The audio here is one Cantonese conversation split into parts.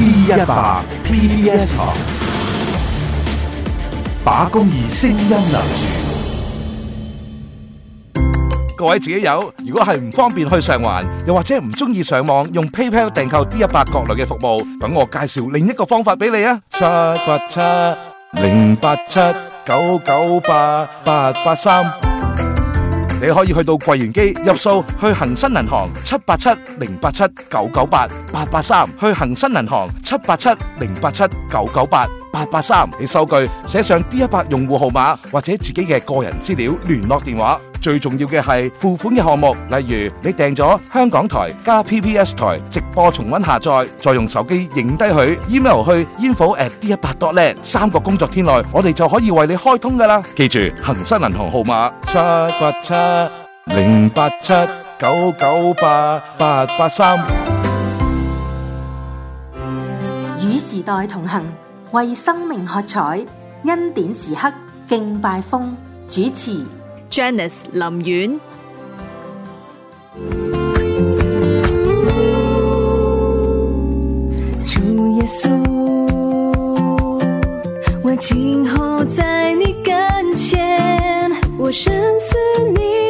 D100PBS 台，把公義聲音留住。各位摯友，如果係唔方便去上環，又或者唔中意上網用 PayPal 訂購 D100 各類嘅服務，等我介紹另一個方法俾你啊！七八七零八七九九八八八三。你可以去到櫃員機入數，去恒生銀行，七八七零八七九九八八八三，去恒生銀行，七八七零八七九九八。八八三，3, 你收據寫上 D 100用戶號碼或者自己嘅個人資料聯絡電話，最重要嘅係付款嘅項目，例如你訂咗香港台加 P P S 台直播重温下載，再用手機影低佢，email 去 info at d100.net 三個工作天內我哋就可以為你開通噶啦。記住恒生銀行號碼七八七零八七九九八八八三，與時代同行。為生命喝彩，恩典時刻敬拜風。風主持 Janice 林苑，主耶穌，我今後在你跟前，我深思你。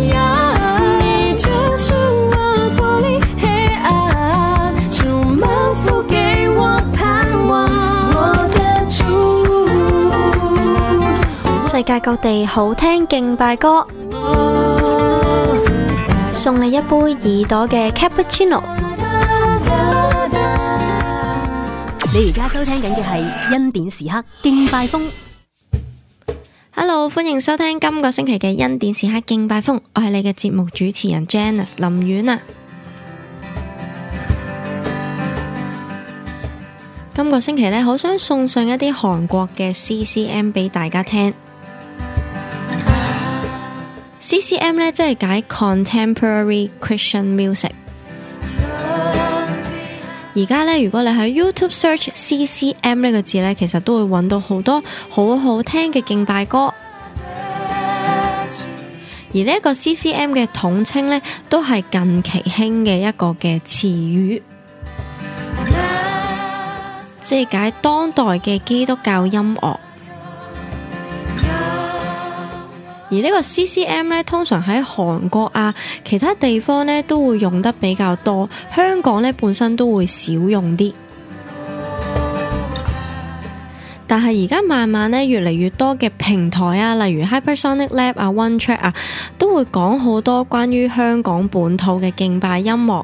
世界各地好聽敬拜歌，送你一杯耳朵嘅 Cappuccino。你而家收聽緊嘅係恩典時刻敬拜風。Hello，歡迎收聽今個星期嘅恩典時刻敬拜風。我係你嘅節目主持人 Janice 林遠啊。今個星期呢，好想送上一啲韓國嘅 CCM 俾大家聽。CCM 咧，CC 即係解 Contemporary Christian Music。而家咧，如果你喺 YouTube search CCM 呢個字咧，其實都會揾到好多好好聽嘅敬拜歌而。而呢一個 CCM 嘅統稱咧，都係近期興嘅一個嘅詞語，即係解當代嘅基督教音樂。而呢個 CCM 咧，通常喺韓國啊、其他地方呢都會用得比較多，香港呢本身都會少用啲。但係而家慢慢呢，越嚟越多嘅平台啊，例如 Hyper Sonic Lab 啊、One Track 啊，都會講好多關於香港本土嘅敬拜音樂，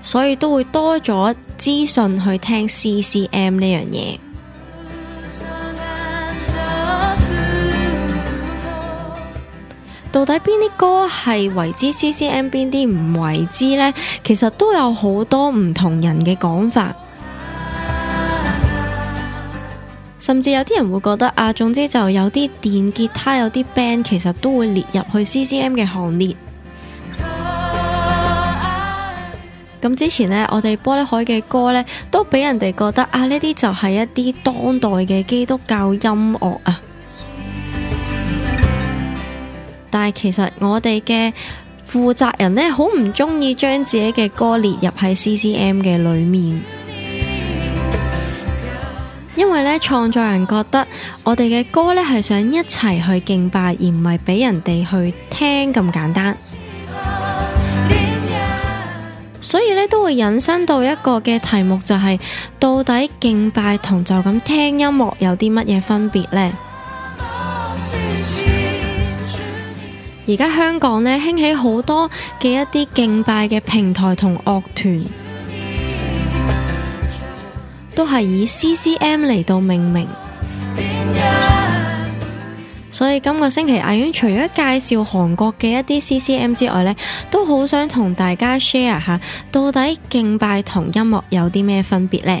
所以都會多咗資訊去聽 CCM 呢樣嘢。到底邊啲歌係為之 CCM，邊啲唔為之呢？其實都有好多唔同人嘅講法， 甚至有啲人會覺得啊，總之就有啲電吉他、有啲 band，其實都會列入去 CCM 嘅行列。咁 之前呢，我哋玻璃海嘅歌呢，都俾人哋覺得啊，呢啲就係一啲當代嘅基督教音樂啊。但係其實我哋嘅負責人呢，好唔中意將自己嘅歌列入喺 CCM 嘅裏面，因為呢，創作人覺得我哋嘅歌呢係想一齊去敬拜，而唔係俾人哋去聽咁簡單。所以呢，都會引申到一個嘅題目，就係，就係到底敬拜同就咁聽音樂有啲乜嘢分別呢？」而家香港呢，興起好多嘅，一啲敬拜嘅平台同樂團， 都係以 CCM 嚟到，命名。 所以今個星期阿苑，除咗介紹韓國嘅一啲 CCM 之外呢，都好想同大家 share 下，到底敬拜同音樂有啲咩分別呢？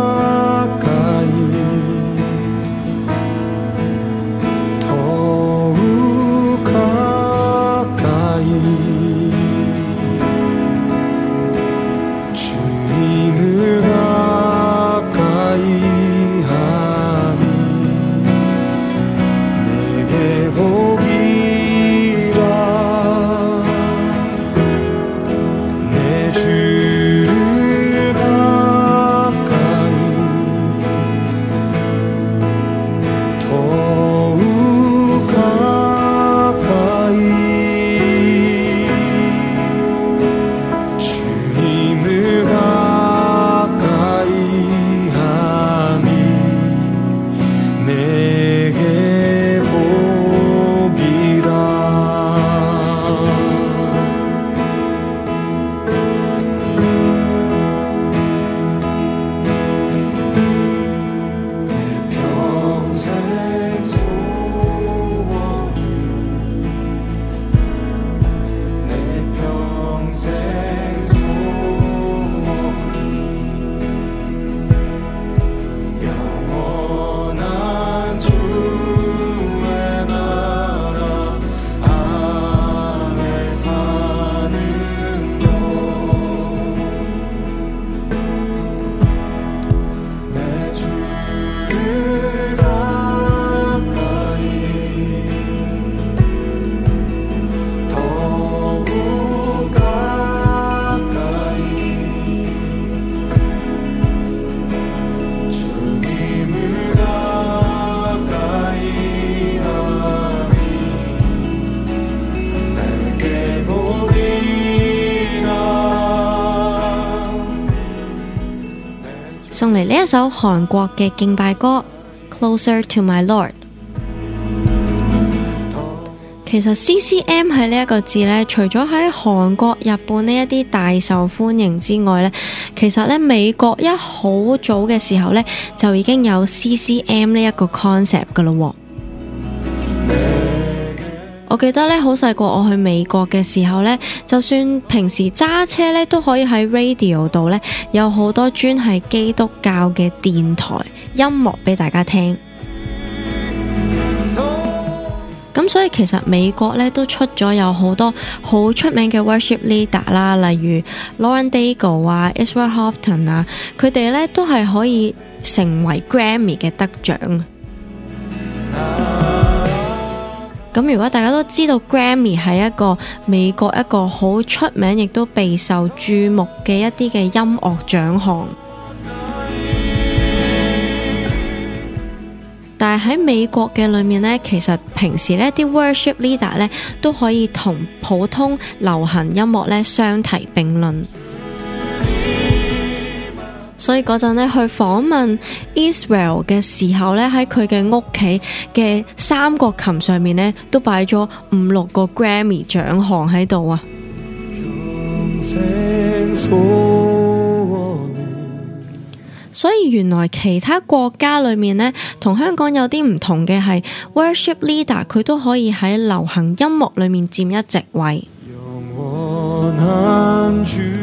首韓國嘅敬拜歌《Closer to My Lord》，其實 CCM 喺呢一個字呢，除咗喺韓國、日本呢一啲大受歡迎之外呢，其實呢美國一好早嘅時候呢，就已經有 CCM 呢一個 concept 㗎喇喎。記得咧，好細個我去美國嘅時候咧，就算平時揸車咧，都可以喺 radio 度咧，有好多專係基督教嘅電台音樂俾大家聽。咁 所以其實美國咧都出咗有好多好出名嘅 worship leader 啦、啊，例如 Lauren Daigle 啊、Israel Houghton 啊，佢哋咧都係可以成為 Grammy 嘅得獎。咁如果大家都知道 Grammy 係一個美國一個好出名亦都備受注目嘅一啲嘅音樂獎項， 但係喺美國嘅裏面呢，其實平時呢啲 worship leader 呢都可以同普通流行音樂呢相提並論。所以嗰陣咧去訪問 Israel 嘅時候咧，喺佢嘅屋企嘅三角琴上面咧，都擺咗五六個 Grammy 獎項喺度啊！ 所以原來其他國家裏面呢，同香港有啲唔同嘅係 Worship Leader，佢都可以喺流行音樂裏面佔一席位。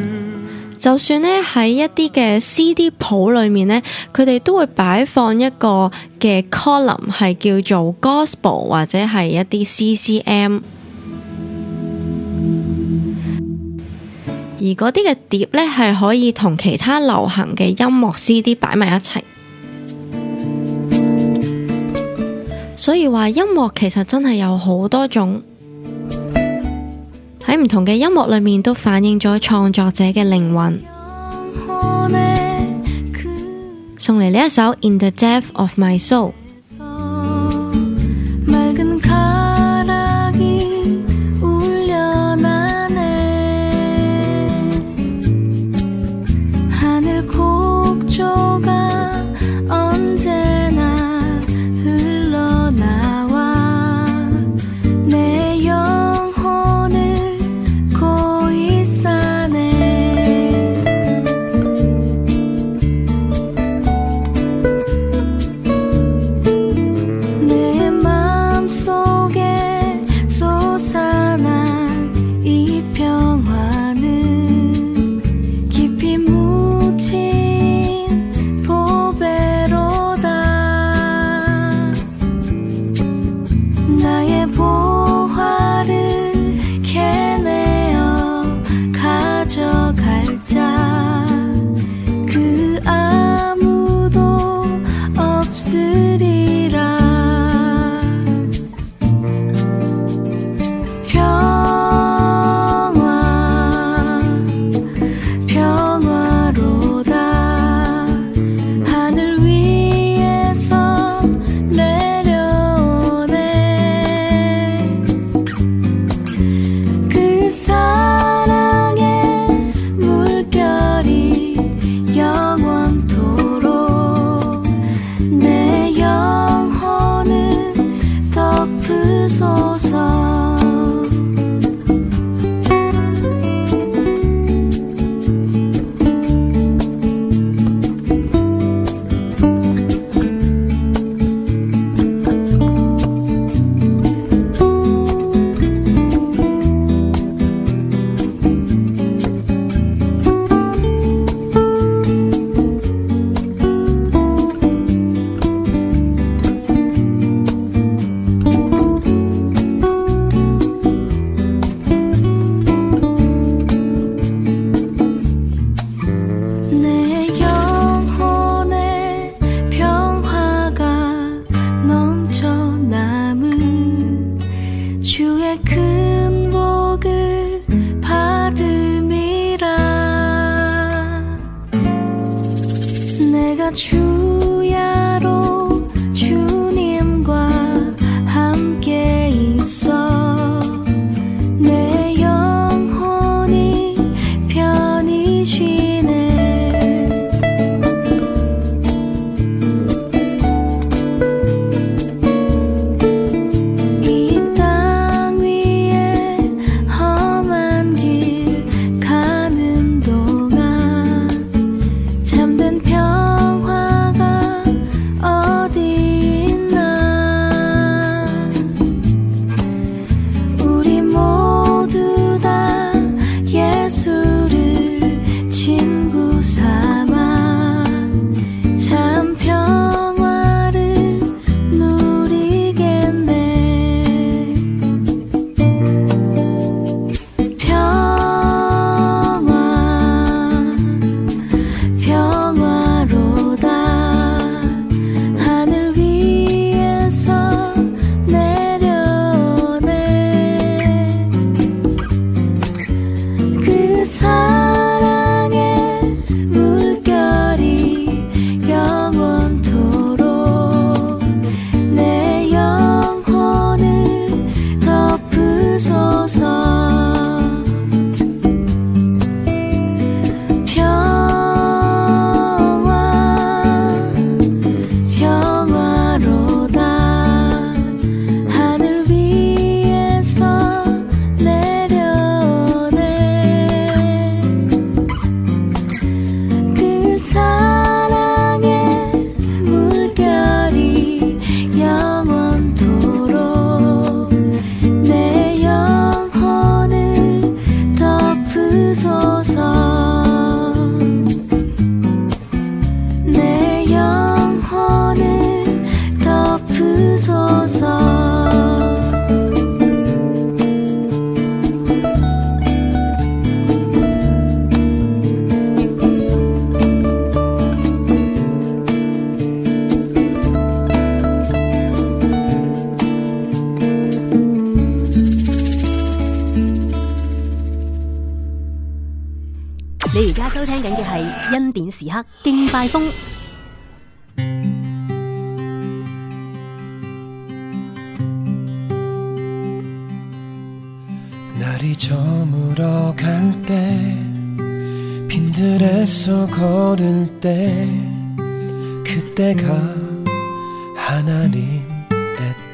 就算呢喺一啲嘅 CD 舖裏面呢，佢哋都會擺放一個嘅 column 係叫做 Gospel 或者係一啲 CCM，而嗰啲嘅碟呢，係可以同其他流行嘅音樂 CD 擺埋一齊，所以話音樂其實真係有好多種。喺唔同嘅音樂裏面都反映咗創作者嘅靈魂， 送嚟呢一首《In the Depth of My Soul》。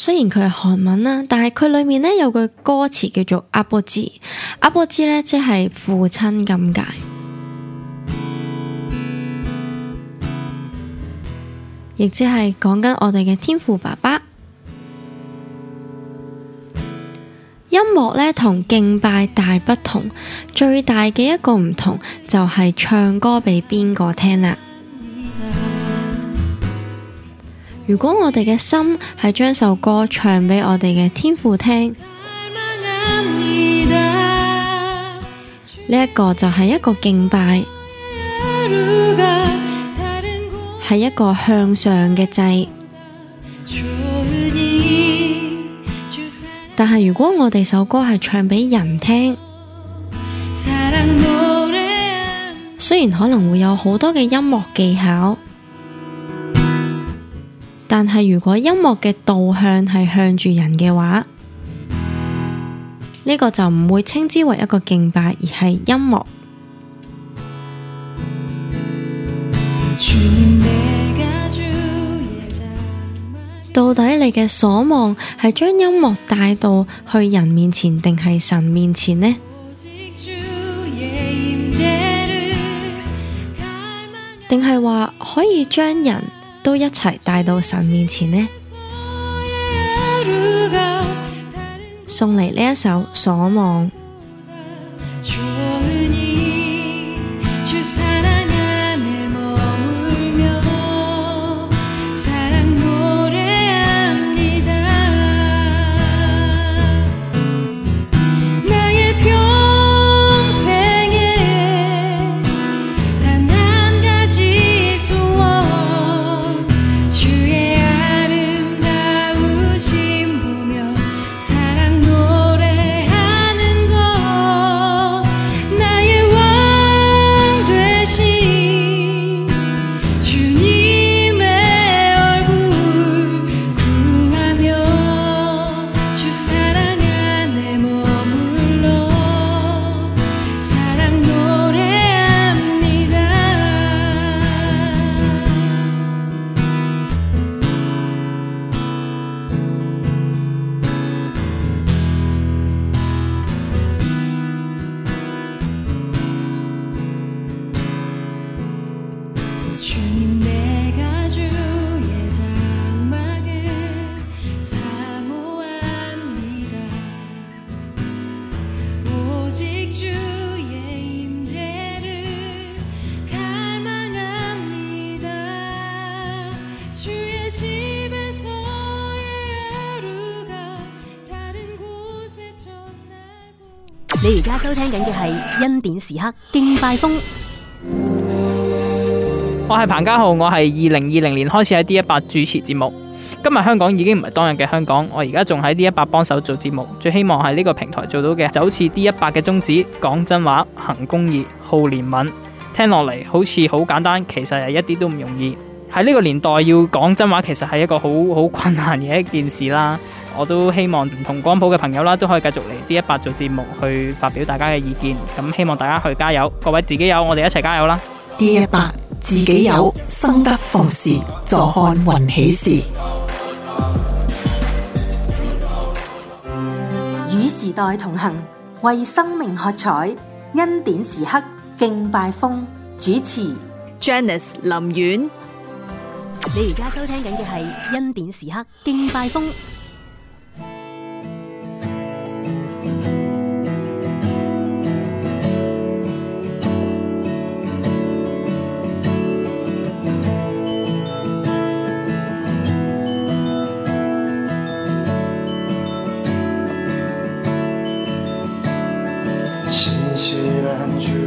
雖然佢係韓文啦，但係佢裏面咧有句歌詞叫做阿伯之，阿伯之咧即係父親咁解，亦即係講緊我哋嘅天父爸爸。音樂咧同敬拜大不同，最大嘅一個唔同就係、是、唱歌俾邊個聽啦、啊。如果我哋嘅心係將首歌唱俾我哋嘅天父聽，呢一個就係一個敬拜，係一個向上嘅祭。但係如果我哋首歌係唱俾人聽，雖然可能會有好多嘅音樂技巧。但係，如果音樂嘅導向係向住人嘅話，呢 個就唔會稱之為一個敬拜，而係音樂。音樂到底你嘅所望係將音樂帶到去人面前，定係神面前呢？定係話可以將人？都一齊帶到神面前呢，送嚟呢一首所望。時刻敬拜風，我係彭家浩，我係二零二零年開始喺 D100 主持節目。今日香港已經唔係當日嘅香港，我而家仲喺 D100 幫手做節目，最希望係呢個平台做到嘅，就好似 D100 嘅宗旨：講真話、行公義、好憐憫。聽落嚟好似好簡單，其實係一啲都唔容易。喺呢個年代要講真話，其實係一個好好困難嘅一件事啦。我都希望唔同光譜嘅朋友啦，都可以繼續嚟 D100 做節目，去發表大家嘅意見。咁希望大家去加油，各位自己有，我哋一齊加油啦！D100 自己有，生得逢時，坐看雲起時，與時代同行，為生命喝彩，恩典時刻敬拜風。主持 Janice 林苑，你而家收聽緊嘅係恩典時刻敬拜風。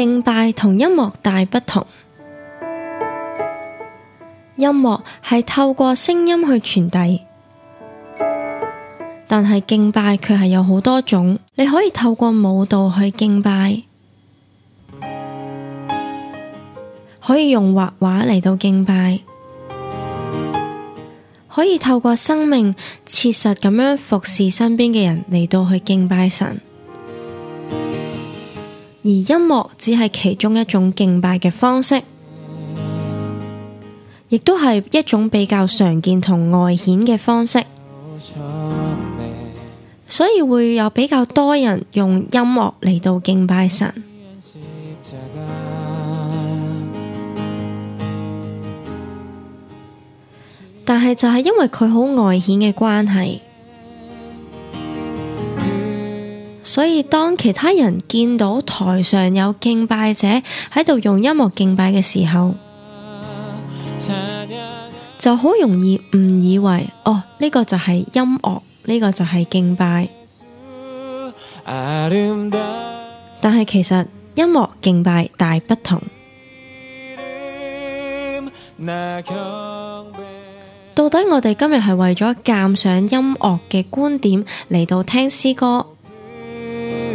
敬拜同音樂大不同，音樂係透過聲音去傳遞，但係敬拜卻係有好多種。你可以透過舞蹈去敬拜，可以用畫畫嚟到敬拜，可以透過生命切實咁樣服侍身邊嘅人嚟到去敬拜神。而音樂只係其中一種敬拜嘅方式，亦都係一種比較常見同外顯嘅方式，所以會有比較多人用音樂嚟到敬拜神。但係就係因為佢好外顯嘅關係。所以，當其他人見到台上有敬拜者喺度用音樂敬拜嘅時候，就好容易誤以為哦，呢個就係音樂，呢個就係敬拜。但係其實音樂敬拜大不同。到底我哋今日係為咗鑑賞音樂嘅觀點嚟到聽詩歌？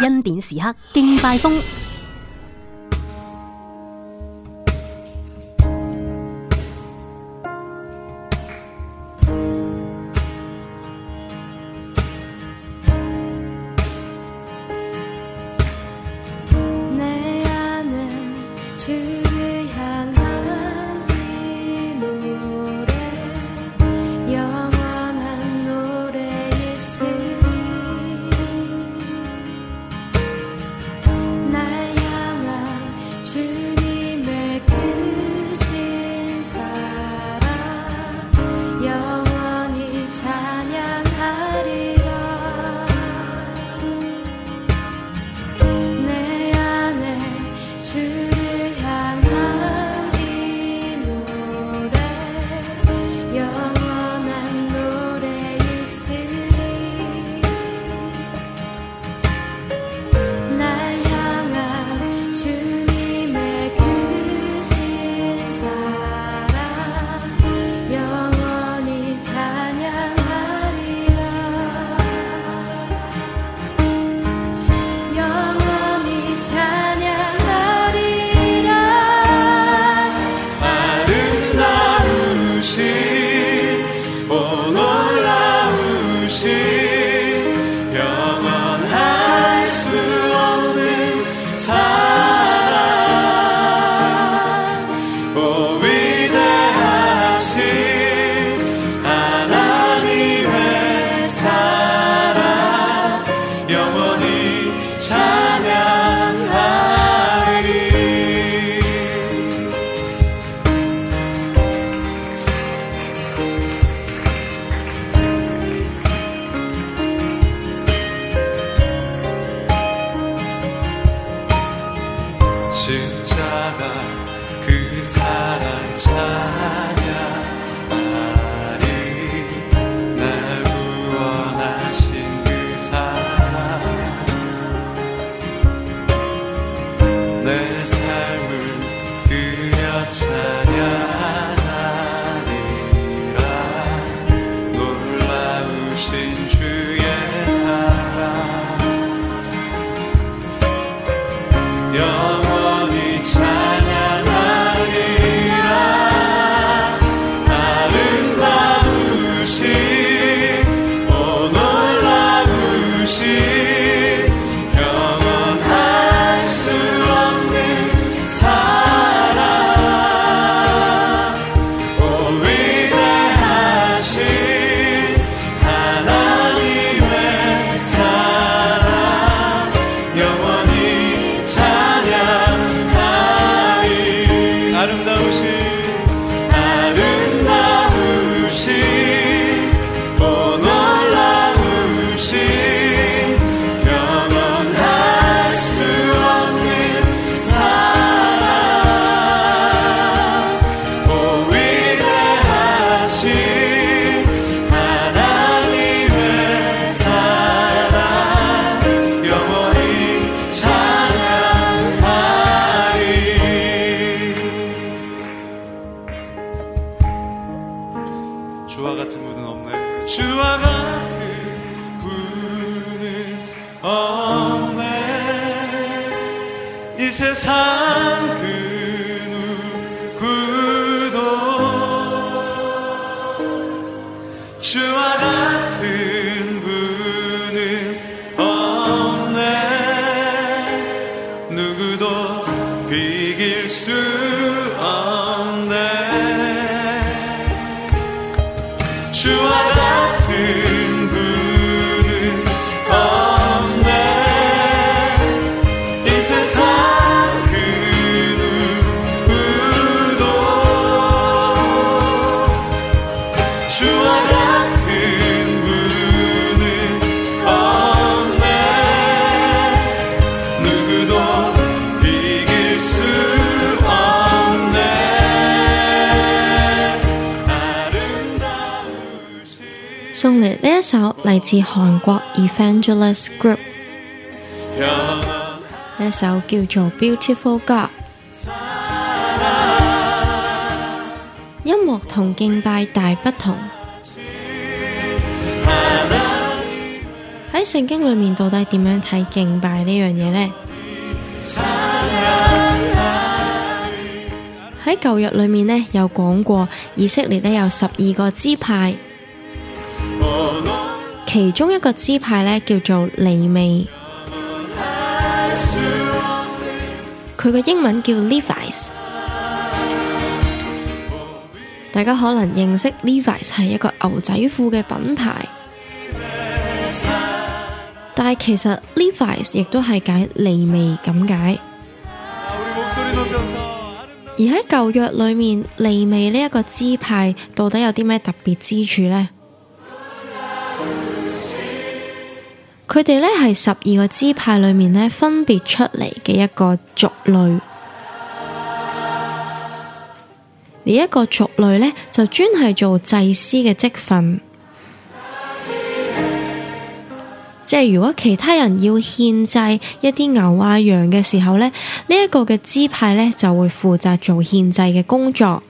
恩典時刻，敬拜風。韓國 Evangelist Group 的一首叫做《Beautiful God》。音樂同敬拜大不同。喺聖、嗯、經裏面到底點樣睇敬拜呢樣嘢呢？喺舊、嗯、約裏面呢，有講過，以色列咧有十二個支派。其中一個支派呢，叫做利味。佢個英文叫 Levi。s 大家可能認識 Levi s 係一個牛仔褲嘅品牌，但係其實 Levi s 亦都係解利味」咁解。而喺舊約裏面，利味」呢一個支派到底有啲咩特別之處呢？佢哋咧，係十二個支派裏面咧，分別出嚟嘅一個族類。呢一、啊、個族類咧，就專係做祭司嘅職份。啊、即係如果其他人要獻祭一啲牛啊羊嘅時候咧，呢、這、一個嘅支派咧，就會負責做獻祭嘅工作。啊、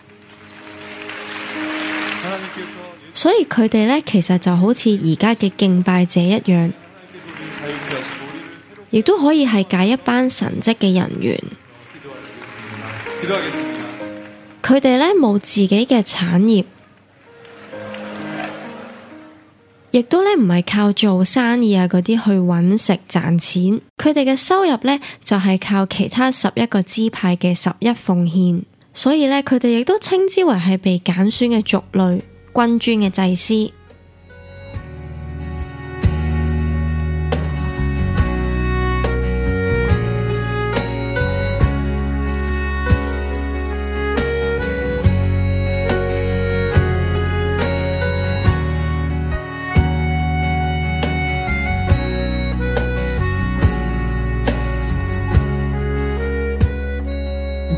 所以佢哋咧，其實就好似而家嘅敬拜者一樣。亦都可以係解一班神職嘅人員，佢哋呢冇自己嘅產業，亦都呢唔係靠做生意啊嗰啲去搵食賺錢，佢哋嘅收入呢，就係靠其他十一個支派嘅十一奉獻，所以呢，佢哋亦都稱之為係被揀選嘅族類、君尊嘅祭司。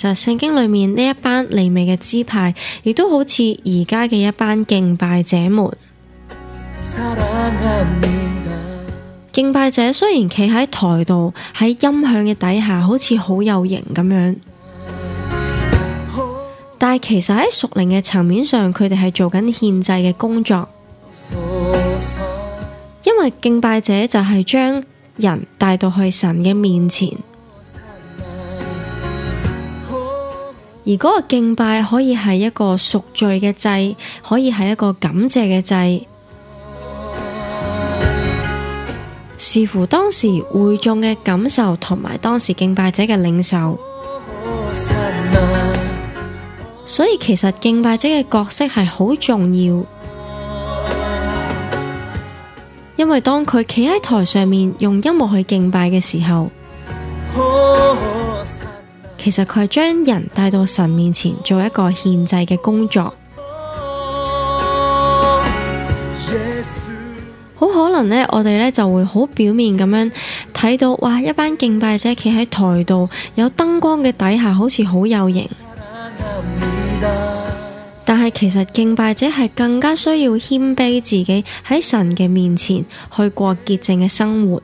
其實聖經裏面呢一班利未嘅支派，亦都好似而家嘅一班敬拜者們。敬拜者雖然企喺台度，喺音響嘅底下，好似好有型咁樣，但係其實喺屬靈嘅層面上，佢哋係做緊獻祭嘅工作，因為敬拜者就係將人帶到去神嘅面前。而嗰個敬拜可以係一個贖罪嘅祭，可以係一個感謝嘅祭。 視乎當時會眾嘅感受同埋當時敬拜者嘅領袖， 所以其實敬拜者嘅角色係好重要， 因為當佢企喺台上面用音樂去敬拜嘅時候。 其實佢係將人帶到神面前做一個獻祭嘅工作，好可能呢，我哋呢就會好表面咁樣睇到，哇！一班敬拜者企喺台度，有燈光嘅底下，好似好有型。但係其實敬拜者係更加需要謙卑自己喺神嘅面前，去過潔淨嘅生活。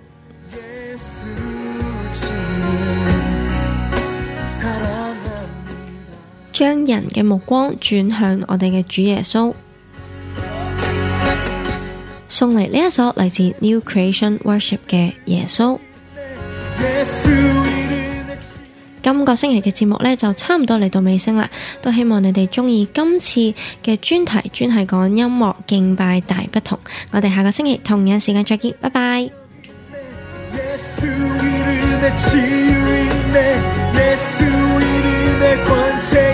將人嘅目光轉向我哋嘅主耶穌， 送嚟呢一首嚟自 New Creation Worship 嘅耶穌。 今個星期嘅節目呢，就差唔多嚟到尾聲啦，都希望你哋中意今次嘅專題，專係講音樂敬拜大不同。我哋下個星期同樣時間再見，拜拜。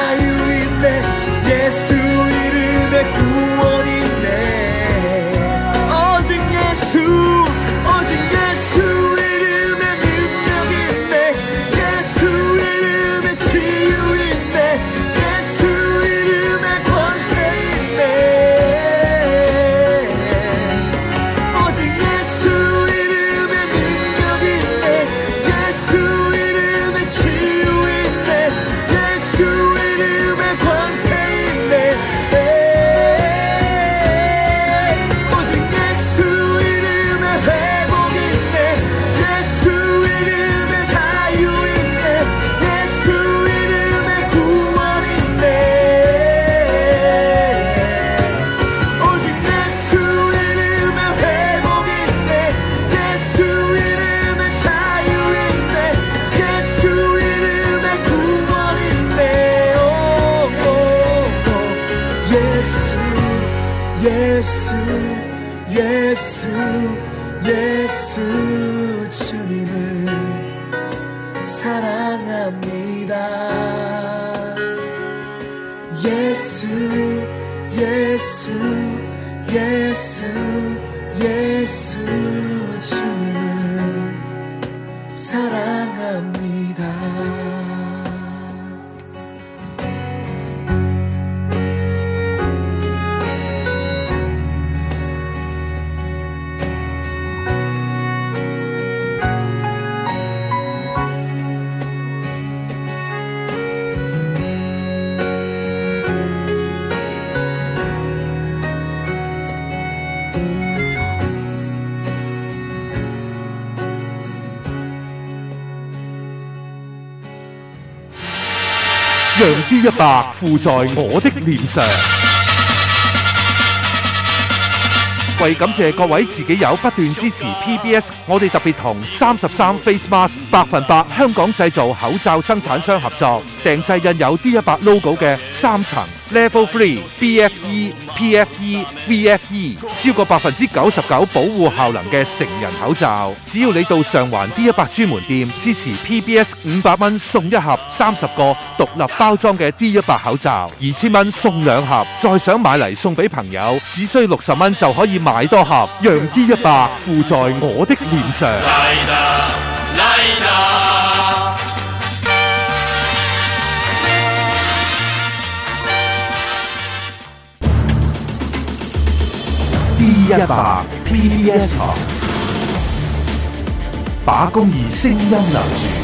D 一百附在我的臉上， 為感謝各位自己友不斷支持 PBS 我哋特別同三十三 Face Mask 百分百香港製造口罩生產商合作，定製印有 D 一百 logo 嘅三層 Level Three BFE。PFE VFE 超過百分之九十九保護效能嘅成人口罩，只要你到上環 D 一百專門店支持 PBS 五百蚊送一盒三十個獨立包裝嘅 D 一百口罩，二千蚊送兩盒。再想買嚟送俾朋友，只需六十蚊就可以買多盒，讓 D 一百附在我的臉上。一把 PBS 把公義聲音留住。